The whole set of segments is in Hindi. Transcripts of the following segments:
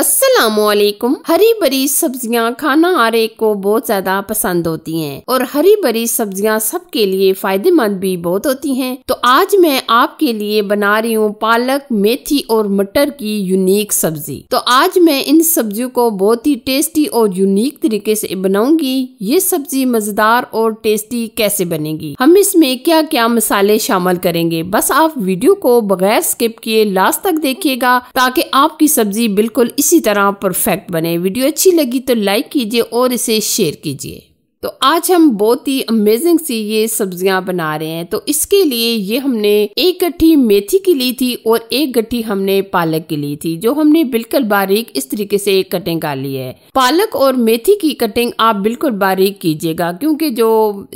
असलकुम हरी भरी सब्जियां खाना आरे को बहुत ज्यादा पसंद होती हैं और हरी भरी सब्जियां सबके लिए फायदेमंद भी बहुत होती हैं तो आज मैं आपके लिए बना रही हूँ पालक मेथी और मटर की यूनिक सब्जी तो आज मैं इन सब्जियों को बहुत ही टेस्टी और यूनिक तरीके से बनाऊंगी ये सब्जी मजेदार और टेस्टी कैसे बनेगी हम इसमें क्या क्या मसाले शामिल करेंगे बस आप वीडियो को बगैर स्किप किए लास्ट तक देखिएगा ताकि आपकी सब्जी बिल्कुल इसी तरह परफेक्ट बने वीडियो अच्छी लगी तो लाइक कीजिए और इसे शेयर कीजिए तो आज हम बहुत ही अमेजिंग सी ये सब्जियां बना रहे हैं तो इसके लिए ये हमने एक गट्ठी मेथी की ली थी और एक गट्ठी हमने पालक की ली थी जो हमने बिल्कुल बारीक इस तरीके से कटिंग कर ली है पालक और मेथी की कटिंग आप बिल्कुल बारीक कीजिएगा क्योंकि जो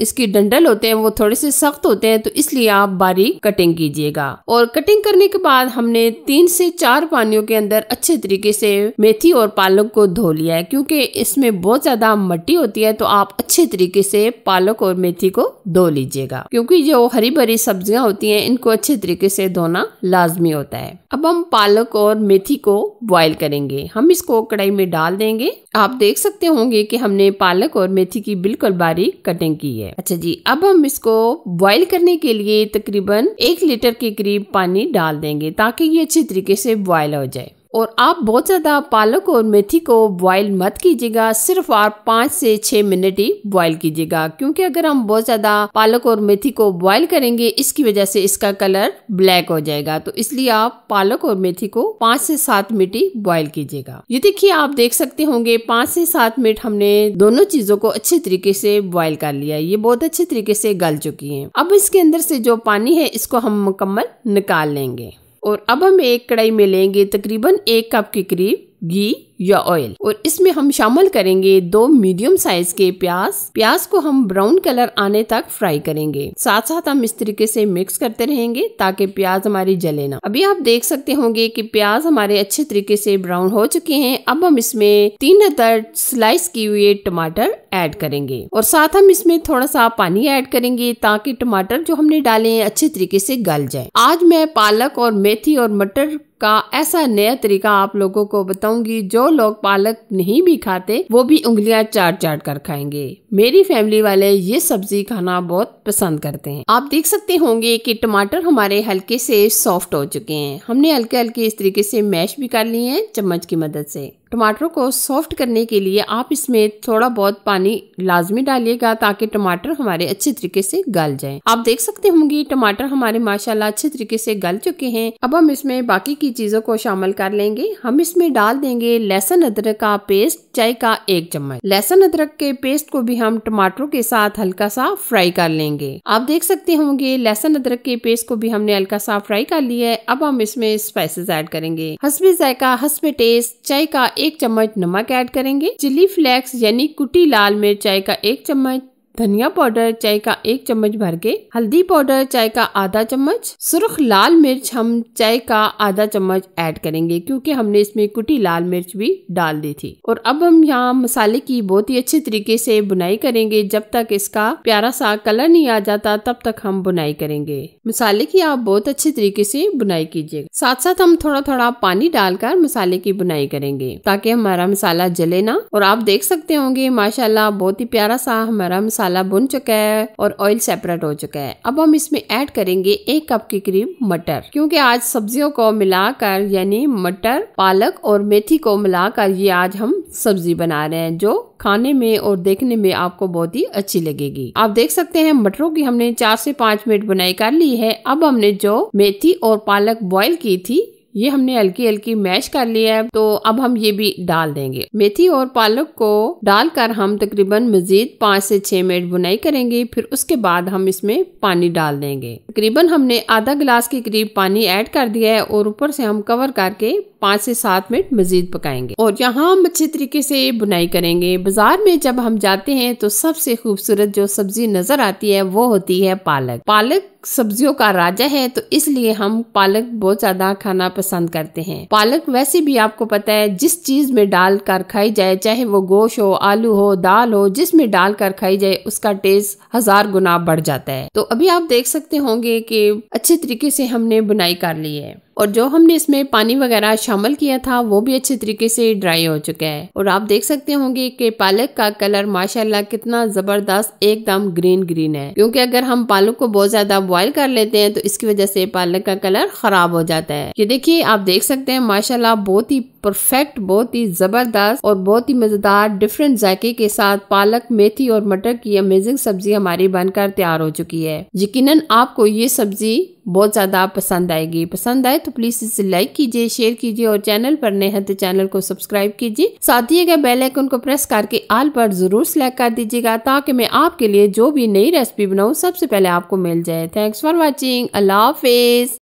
इसके डंडल होते हैं वो थोड़े से सख्त होते हैं तो इसलिए आप बारीक कटिंग कीजिएगा और कटिंग करने के बाद हमने तीन से चार पानियों के अंदर अच्छे तरीके से मेथी और पालक को धो लिया है क्योंकि इसमें बहुत ज्यादा मट्टी होती है तो आप अच्छे तरीके से पालक और मेथी को धो लीजिएगा क्योंकि जो हरी भरी सब्जियां होती हैं इनको अच्छे तरीके से धोना लाजमी होता है अब हम पालक और मेथी को बॉईल करेंगे हम इसको कढ़ाई में डाल देंगे आप देख सकते होंगे कि हमने पालक और मेथी की बिल्कुल बारीक कटिंग की है अच्छा जी अब हम इसको बॉईल करने के लिए तकरीबन एक लीटर के करीब पानी डाल देंगे ताकि ये अच्छे तरीके से बॉयल हो जाए और आप बहुत ज़्यादा पालक और मेथी को बॉयल मत कीजिएगा सिर्फ आप पाँच से छः मिनट ही बॉयल कीजिएगा क्योंकि अगर हम बहुत ज़्यादा पालक और मेथी को बॉयल करेंगे इसकी वजह से इसका कलर ब्लैक हो जाएगा तो इसलिए आप पालक और मेथी को पाँच से सात मिनट ही बॉयल कीजिएगा ये देखिए आप देख सकते होंगे पाँच से सात मिनट हमने दोनों चीज़ों को अच्छे तरीके से बॉयल कर लिया ये बहुत अच्छे तरीके से गल चुकी है अब इसके अंदर से जो पानी है इसको हम मुकम्मल निकाल लेंगे और अब हम एक कढ़ाई में लेंगे तकरीबन एक कप के करीब घी या ऑयल और इसमें हम शामिल करेंगे दो मीडियम साइज के प्याज प्याज को हम ब्राउन कलर आने तक फ्राई करेंगे साथ साथ हम इस तरीके से मिक्स करते रहेंगे ताकि प्याज हमारी जले ना अभी आप देख सकते होंगे कि प्याज हमारे अच्छे तरीके से ब्राउन हो चुके हैं अब हम इसमें तीन अदर स्लाइस किए हुए टमाटर ऐड करेंगे और साथ हम इसमें थोड़ा सा पानी ऐड करेंगे ताकि टमाटर जो हमने डाले हैं अच्छे तरीके से गल जाए आज मैं पालक और मेथी और मटर का ऐसा नया तरीका आप लोगों को बताऊंगी जो लोग पालक नहीं भी खाते वो भी उंगलियां चाट चाट कर खाएंगे मेरी फैमिली वाले ये सब्जी खाना बहुत पसंद करते हैं आप देख सकते होंगे कि टमाटर हमारे हल्के से सॉफ्ट हो चुके हैं हमने हल्के हल्के इस तरीके से मैश भी कर लिए हैं चम्मच की मदद से टमाटरों को सॉफ्ट करने के लिए आप इसमें थोड़ा बहुत पानी लाजमी डालिएगा ताकि टमाटर हमारे अच्छे तरीके से गल जाएं। आप देख सकते होंगे टमाटर हमारे माशाल्लाह अच्छे तरीके से गल चुके हैं अब हम इसमें बाकी की चीजों को शामिल कर लेंगे हम इसमें डाल देंगे लहसुन अदरक का पेस्ट चाय का एक चम्मच लहसुन अदरक के पेस्ट को भी हम टमाटरों के साथ हल्का सा फ्राई कर लेंगे आप देख सकते होंगे लहसुन अदरक के पेस्ट को भी हमने हल्का सा फ्राई कर लिया है अब हम इसमें स्पाइसेस ऐड करेंगे हसबी जायका हसबे टेस्ट चाय का एक चम्मच नमक ऐड करेंगे चिली फ्लेक्स यानी कुटी लाल मिर्चाई का एक चम्मच धनिया पाउडर चाय का एक चम्मच भर के हल्दी पाउडर चाय का आधा चम्मच सुर्ख लाल मिर्च हम चाय का आधा चम्मच ऐड करेंगे क्योंकि हमने इसमें कुटी लाल मिर्च भी डाल दी थी और अब हम यहाँ मसाले की बहुत ही अच्छे तरीके से बुनाई करेंगे जब तक इसका प्यारा सा कलर नहीं आ जाता तब तक हम बुनाई करेंगे मसाले की आप बहुत अच्छे तरीके से बुनाई कीजिएगा साथ साथ हम थोड़ा थोड़ा पानी डालकर मसाले की बुनाई करेंगे ताकि हमारा मसाला जले ना और आप देख सकते होंगे माशाला बहुत ही प्यारा सा हमारा मसाला मसाला बुन चुका है और ऑयल सेपरेट हो चुका है अब हम इसमें ऐड करेंगे एक कप के करीब मटर क्योंकि आज सब्जियों को मिलाकर यानी मटर पालक और मेथी को मिलाकर ये आज हम सब्जी बना रहे हैं जो खाने में और देखने में आपको बहुत ही अच्छी लगेगी आप देख सकते हैं मटरों की हमने चार से पाँच मिनट बुनाई कर ली है अब हमने जो मेथी और पालक बॉईल की थी ये हमने हल्की हल्की मैश कर लिया है तो अब हम ये भी डाल देंगे मेथी और पालक को डालकर हम तकरीबन मजीद पाँच से छह मिनट बुनाई करेंगे फिर उसके बाद हम इसमें पानी डाल देंगे तकरीबन हमने आधा गिलास के करीब पानी ऐड कर दिया है और ऊपर से हम कवर करके पाँच से सात मिनट मजीद पकाएंगे और यहाँ हम अच्छे तरीके से बुनाई करेंगे बाजार में जब हम जाते हैं तो सबसे खूबसूरत जो सब्जी नजर आती है वो होती है पालक पालक सब्जियों का राजा है तो इसलिए हम पालक बहुत ज्यादा खाना पसंद करते हैं पालक वैसे भी आपको पता है जिस चीज में डाल कर खाई जाए चाहे वो गोश हो आलू हो दाल हो जिसमें डाल कर खाई जाए उसका टेस्ट हजार गुना बढ़ जाता है तो अभी आप देख सकते होंगे कि अच्छे तरीके से हमने बुनाई कर ली है और जो हमने इसमें पानी वगैरह शामिल किया था वो भी अच्छे तरीके से ड्राई हो चुका है और आप देख सकते होंगे कि पालक का कलर माशाल्लाह कितना जबरदस्त एकदम ग्रीन ग्रीन है क्योंकि अगर हम पालक को बहुत ज्यादा बॉइल कर लेते हैं तो इसकी वजह से पालक का कलर खराब हो जाता है ये देखिए आप देख सकते हैं माशाल्लाह बहुत ही परफेक्ट बहुत ही जबरदस्त और बहुत ही मजेदार डिफरेंट जायके के साथ पालक मेथी और मटर की अमेजिंग सब्जी हमारी बनकर तैयार हो चुकी है यकीनन आपको ये सब्जी बहुत ज़्यादा पसंद आएगी पसंद आए तो प्लीज़ इसे लाइक कीजिए शेयर कीजिए और चैनल पर नए हैं तो चैनल को सब्सक्राइब कीजिए साथ ही अगर बेलाइकन को प्रेस करके आल पर ज़रूर सेलेक्ट कर दीजिएगा ताकि मैं आपके लिए जो भी नई रेसिपी बनाऊँ सबसे पहले आपको मिल जाए थैंक्स फॉर वॉचिंग अल्लाह हाफिज़